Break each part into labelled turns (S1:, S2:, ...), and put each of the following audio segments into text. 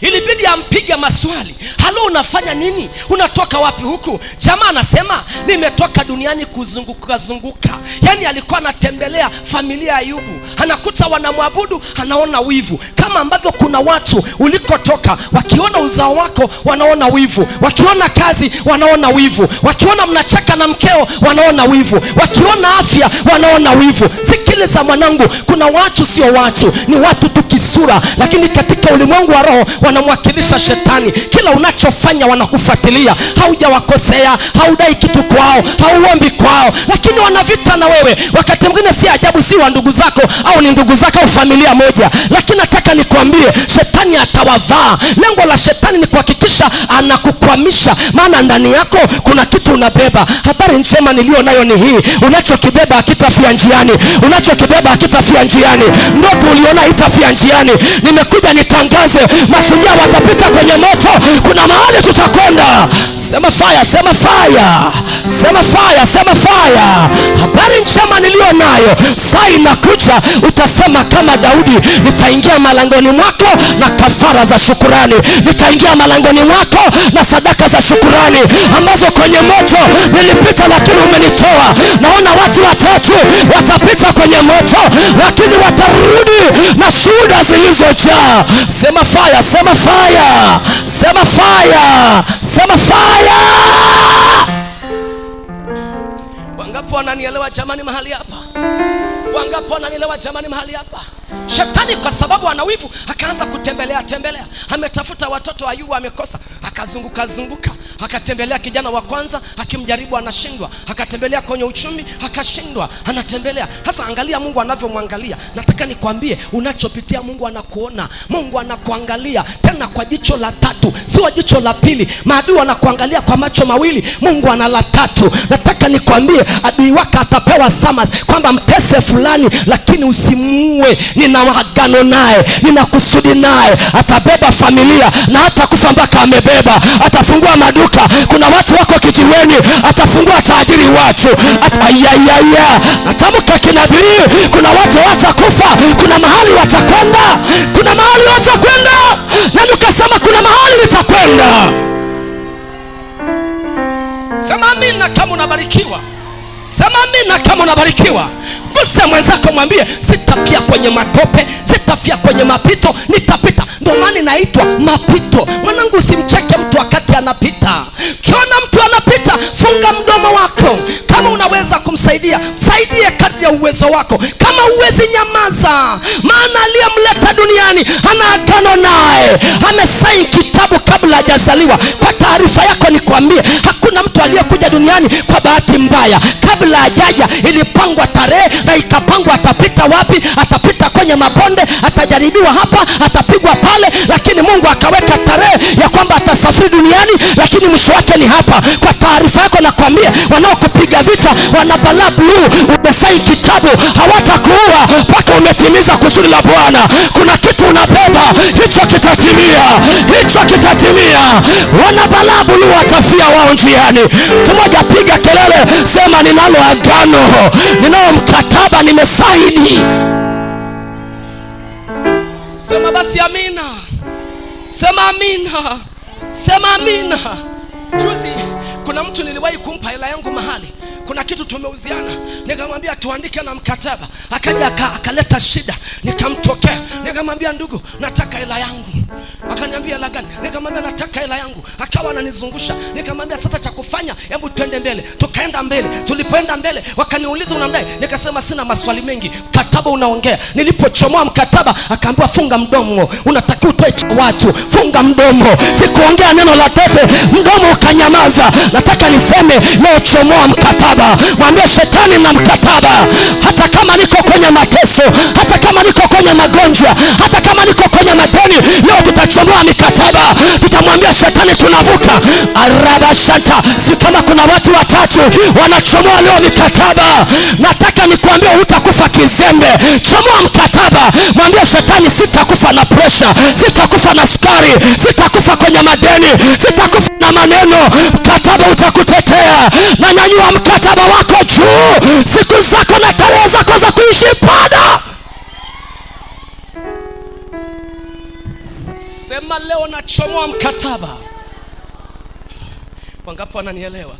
S1: Ilibidi ampige maswali, halo, unafanya nini? Unatoka wapi huku? Jamaa anasema nimetoka duniani kuzunguka zunguka. yani alikuwa anatembelea familia ya yubu anakuta wanamwabudu, anaona wivu, kama ambavyo kuna watu ulikotoka, wakiona uzao wako wanaona wivu, wakiona kazi wanaona wivu, wakiona mnacheka na mkeo wanaona wivu, wakiona afya wanaona wivu. Sikiliza mwanangu, kuna watu sio watu, ni watu tu kisura, lakini katika ulimwengu wa kiroho wanamwakilisha shetani. Kila unachofanya wanakufuatilia. Haujawakosea, haudai kitu kwao, hauombi kwao, lakini wanavita na wewe. Wakati mwingine si ajabu, si wa ndugu zako au ni ndugu zako au familia moja, lakini nataka nikwambie, shetani atawavaa. Lengo la shetani ni kuhakikisha anakukwamisha, maana ndani yako kuna kitu unabeba. Habari njema niliyo nayo ni hii, unachokibeba hakitafia njiani, unachokibeba hakitafia njiani, ndoto uliona itafia njiani. Nimekuja nitangaze mashujaa watapita kwenye moto. Kuna mahali tutakwenda. Sema faya, sema faya, sema faya, sema faya. Habari njema niliyo nayo, saa inakuja utasema kama Daudi, nitaingia malangoni mwako na kafara za shukurani, nitaingia malangoni mwako na sadaka za shukurani ambazo kwenye moto nilipita, lakini umenitoa. Naona watu watatu wa zilizojaa. Sema fire, sema fire, sema fire, sema fire. Wangapo wananielewa jamani mahali hapa? Wangapo wananielewa jamani mahali hapa? Shetani kwa sababu ana wivu akaanza kutembelea tembelea, ametafuta watoto ayu amekosa, akazunguka zunguka akatembelea kijana wa kwanza, akimjaribu anashindwa, akatembelea kwenye uchumi akashindwa, anatembelea hasa. Angalia Mungu anavyomwangalia. Nataka nikwambie unachopitia, Mungu anakuona, Mungu anakuangalia tena kwa jicho la tatu, sio jicho la pili. Maadui anakuangalia kwa macho mawili, Mungu ana la tatu. Nataka nataka nikwambie, adui wako atapewa summons kwamba mtese fulani, lakini usimuue. Nina agano naye, nina kusudi naye, atabeba familia na hata kufa mpaka amebeba. Atafungua maduka, kuna watu wako kijiweni, atafungua taajiri watu. At, ayayaya, natamka kinabii, kuna watu wataku unabarikiwa. gusa mwenzako, mwambie sitafia kwenye matope, sitafia kwenye mapito, nitapita. Ndio maana inaitwa mapito. Mwanangu, usimcheke mtu wakati anapita. Ukiona mtu anapita, funga mdomo wako unaweza kumsaidia, msaidie kadri ya uwezo wako. Kama uwezi, nyamaza, maana aliyemleta duniani ana agano naye, amesaini kitabu kabla hajazaliwa. Kwa taarifa yako nikwambie, hakuna mtu aliyekuja duniani kwa bahati mbaya. Kabla hajaja ilipangwa tarehe na ikapangwa, atapita wapi, atapita kwenye mabonde, atajaribiwa hapa, atapigwa pale, lakini Mungu akaweka tarehe ya kwamba atasafiri duniani, lakini mwisho wake ni hapa. Kwa taarifa yako nakwambia, wanaokupiga vita sasa wana bluu, umesai kitabu hawatakuua mpaka umetimiza kusudi la Bwana. Kuna kitu unabeba, hicho kitatimia, hicho kitatimia. Wana bluu watafia wao njiani. Mtu mmoja piga kelele, sema ninalo agano, ninao mkataba, nimesaini. Sema basi amina, sema amina, sema amina. Juzi kuna mtu niliwahi kumpa hela yangu mahali kuna kitu tumeuziana, nikamwambia tuandike na mkataba, akaja akaleta shida, nikamtokea nikamwambia, ndugu, nataka hela yangu Akaniambia hela gani? Nikamwambia nataka hela yangu. Akawa ananizungusha. Nikamwambia sasa cha kufanya, hebu twende mbele. Tukaenda mbele. Tulipoenda mbele, wakaniuliza unamdai? Nikasema sina maswali mengi. Mkataba unaongea. Nilipochomoa mkataba, akaambiwa funga mdomo. Unatakiwa utoe cha watu. Funga mdomo. Sikuongea neno la tepe. Mdomo ukanyamaza. Nataka niseme leo chomoa mkataba. Mwambie shetani na mkataba. Hata kama niko kwenye mateso, hata kama niko kwenye magonjwa, hata kama niko kwenye mate mbinguni. Leo tutachomoa mikataba, tutamwambia shetani tunavuka. araba si kama kuna watu watatu wanachomoa leo mikataba, nataka nikuambia hutakufa kizembe. Chomoa mkataba, mwambia shetani, sitakufa na presha, sitakufa na sukari, sitakufa kwenye madeni, sitakufa na maneno. Mkataba utakutetea. na nyanyua mkataba wako juu, siku zako na tarehe leo wanachomoa mkataba. wangapo wananielewa?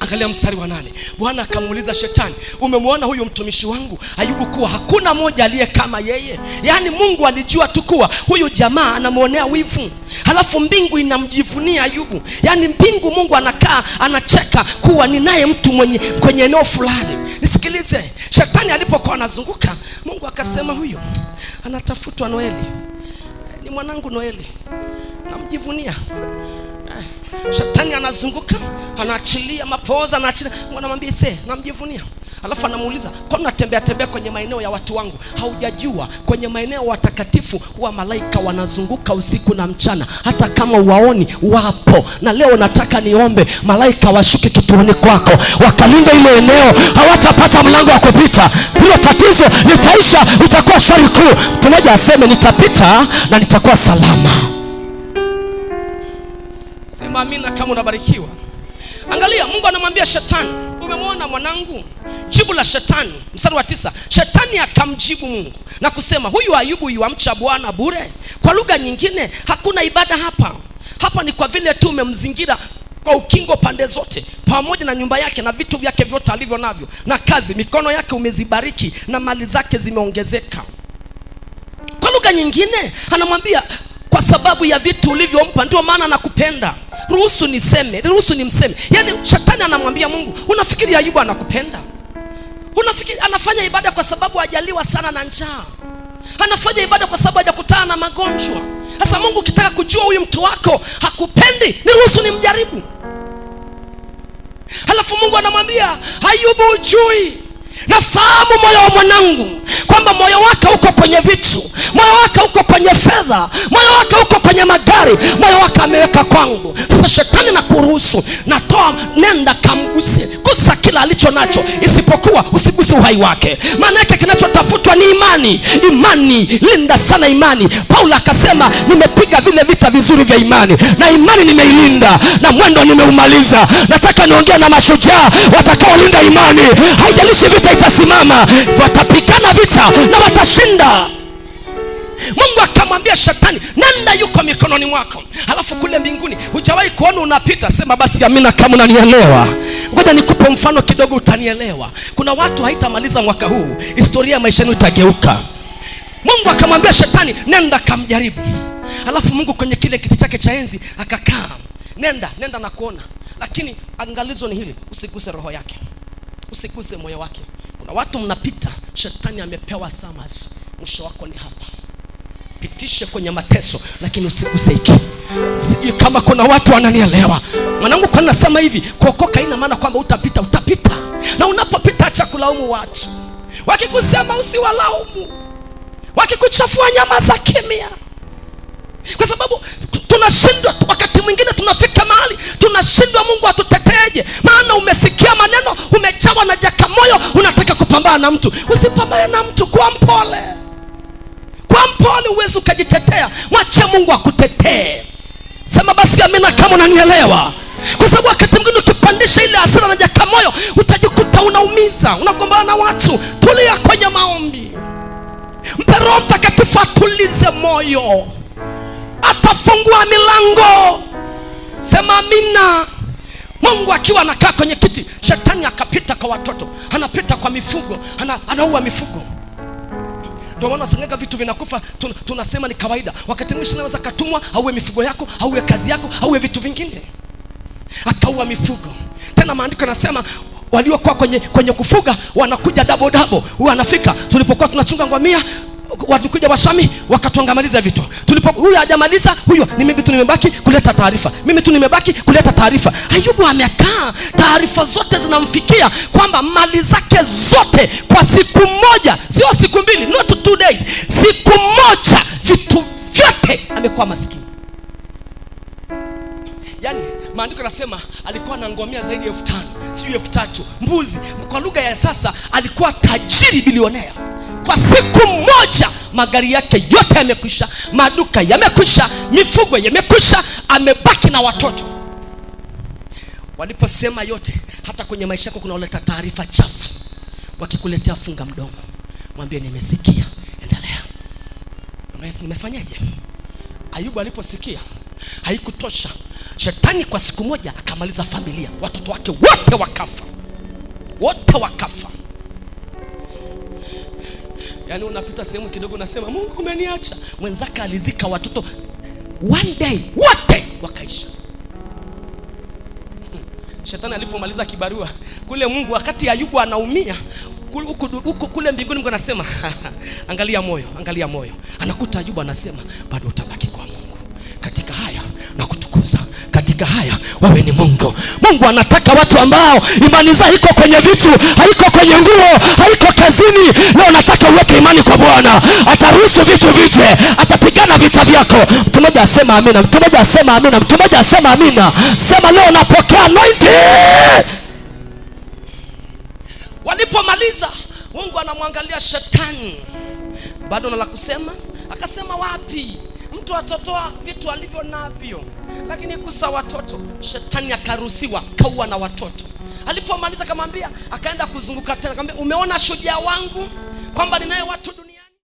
S1: Angalia mstari wa nane. Bwana akamuuliza Shetani, umemwona huyu mtumishi wangu Ayubu kuwa hakuna moja aliye kama yeye? Yaani Mungu alijua tu kuwa huyu jamaa anamwonea wivu, halafu mbingu inamjivunia Ayubu. Yaani mbingu, Mungu anakaa anacheka kuwa ninaye mtu mwenye kwenye eneo fulani. Nisikilize, Shetani alipokuwa anazunguka, Mungu akasema, huyo anatafutwa Noeli ni mwanangu Noeli, namjivunia shatani shetani anazunguka anaachilia mapoza, anaachilia anamwambia se, namjivunia Alafu anamuuliza kwa tembea kwenye maeneo ya watu wangu, haujajua kwenye maeneo watakatifu huwa malaika wanazunguka usiku na mchana, hata kama uwaoni wapo. Na leo nataka niombe malaika washuke kituoni kwako, wakalinde ile eneo, hawatapata mlango wa kupita. Hilo tatizo litaisha, litakuwa shari kuu. Mtu mmoja aseme, nitapita na nitakuwa salama. Sema amina kama unabarikiwa. Angalia, Mungu anamwambia shetani, umemwona mwanangu? Jibu la shetani, mstari wa tisa, shetani akamjibu Mungu na kusema, huyu Ayubu yuamcha Bwana bure? Kwa lugha nyingine, hakuna ibada hapa. Hapa ni kwa vile tu umemzingira kwa ukingo pande zote, pamoja na nyumba yake na vitu vyake vyote alivyo navyo, na kazi mikono yake umezibariki, na mali zake zimeongezeka. Kwa lugha nyingine, anamwambia kwa sababu ya vitu ulivyompa, ndio maana anakupenda ruhusu niseme, ruhusu nimseme. Yaani shetani anamwambia Mungu, unafikiri Ayubu anakupenda? Unafikiri anafanya ibada kwa sababu ajaliwa sana na njaa? Anafanya ibada kwa sababu hajakutana na magonjwa. Sasa Mungu, ukitaka kujua huyu mtu wako hakupendi, niruhusu nimjaribu. Halafu Mungu anamwambia Ayubu, ujui Nafahamu moyo wa mwanangu kwamba moyo wake uko kwenye vitu, moyo wake uko kwenye fedha, moyo wake uko kwenye magari, moyo wake ameweka kwangu. Sasa shetani, na kuruhusu natoa, nenda kamguse kuangusha kila alicho nacho, isipokuwa usiguse uhai wake. Maana yake kinachotafutwa ni imani. Imani, linda sana imani. Paulo akasema, nimepiga vile vita vizuri vya imani, na imani nimeilinda, na mwendo nimeumaliza. Nataka niongea na mashujaa watakaolinda imani. Haijalishi vita itasimama, watapigana vita na watashinda. Mungu akamwambia shetani, nenda, yuko mikononi mwako. Halafu kule mbinguni hujawahi kuona unapita, sema basi amina kama unanielewa. Ngoja nikupe mfano kidogo, utanielewa. Kuna watu haitamaliza mwaka huu, historia ya maisha yenu itageuka. Mungu akamwambia shetani, nenda kamjaribu. Halafu Mungu kwenye kile kiti chake cha enzi akakaa, nenda, nenda na kuona, lakini angalizo ni hili, usiguse roho yake, usiguse moyo wake. Kuna watu mnapita, shetani amepewa samas mwisho wako ni hapa nikupitishe kwenye mateso, lakini usiguseiki. Sijui kama kuna watu wananielewa. Mwanangu, kwa nasema hivi, kuokoka ina maana kwamba utapita, utapita, na unapopita acha kulaumu watu. Wakikusema usiwalaumu, wakikuchafua nyama za kimya, kwa sababu tunashindwa wakati mwingine, tunafika mahali tunashindwa, Mungu atuteteeje? Maana umesikia maneno, umejawa na jakamoyo, unataka kupambana na mtu. Usipambane na mtu, kuwa mpole wala uwezi ukajitetea, mwachie Mungu akutetee. Sema basi amina kama unanielewa, kwa sababu wakati mwingine ukipandisha ile hasira na jaka moyo utajikuta unaumiza, unagombana na watu. Tulia kwenye maombi, mpe Roho Mtakatifu atulize moyo, atafungua milango. Sema amina. Mungu akiwa anakaa kwenye kiti, shetani akapita kwa watoto, anapita kwa mifugo, ana, anaua mifugo ndio maana sangeka vitu vinakufa, tun, tunasema ni kawaida. Wakati mwisho naweza katumwa, auwe mifugo yako, auwe kazi yako, auwe vitu vingine, akaua mifugo. Tena maandiko yanasema waliokuwa kwenye, kwenye kufuga wanakuja dabo dabo, wanafika. Tulipokuwa tunachunga ngamia walikuja waswami wakatuangamiza vitu. Tulipo huyu hajamaliza huyo, ni mimi tu nimebaki kuleta taarifa, mimi tu nimebaki kuleta taarifa. Ayubu amekaa, taarifa zote zinamfikia kwamba mali zake zote kwa siku moja, sio siku mbili, not two days, siku moja, vitu vyote amekuwa maskini. Yani maandiko nasema alikuwa na ngomia zaidi ya elfu tano sijui elfu tatu mbuzi. Kwa lugha ya sasa alikuwa tajiri bilionea kwa siku moja magari yake yote yamekwisha, maduka yamekwisha, mifugo yamekwisha, amebaki na watoto. Waliposema yote, hata kwenye maisha yako kunaoleta taarifa chafu, wakikuletea funga mdomo, mwambie nimesikia, endelea. Nimefanyaje? Ayubu aliposikia haikutosha, shetani kwa siku moja akamaliza familia, watoto wake wote wakafa, wote wakafa yani unapita sehemu kidogo, unasema Mungu umeniacha. Mwenzake alizika watoto one day, wote wakaisha. Shetani alipomaliza kibarua kule, Mungu wakati Ayubu anaumia huku kule mbinguni, Mungu anasema angalia moyo, angalia moyo. Anakuta Ayubu anasema bado uta katika haya wawe ni Mungu. Mungu anataka watu ambao imani zao iko kwenye vitu, haiko kwenye nguo, haiko kazini. Leo nataka uweke imani kwa Bwana, ataruhusu vitu vije, atapigana vita vyako. Mtu mmoja asema amina, mtu mmoja asema amina, mtu mmoja asema amina. Sema leo napokea anointing. Walipomaliza, Mungu anamwangalia shetani, bado na la kusema, akasema wapi mtu atatoa vitu alivyo navyo, lakini kusa watoto, shetani akaruhusiwa kaua na watoto. Alipomaliza akamwambia, akaenda kuzunguka tena, akamwambia umeona shujaa wangu kwamba ninaye watu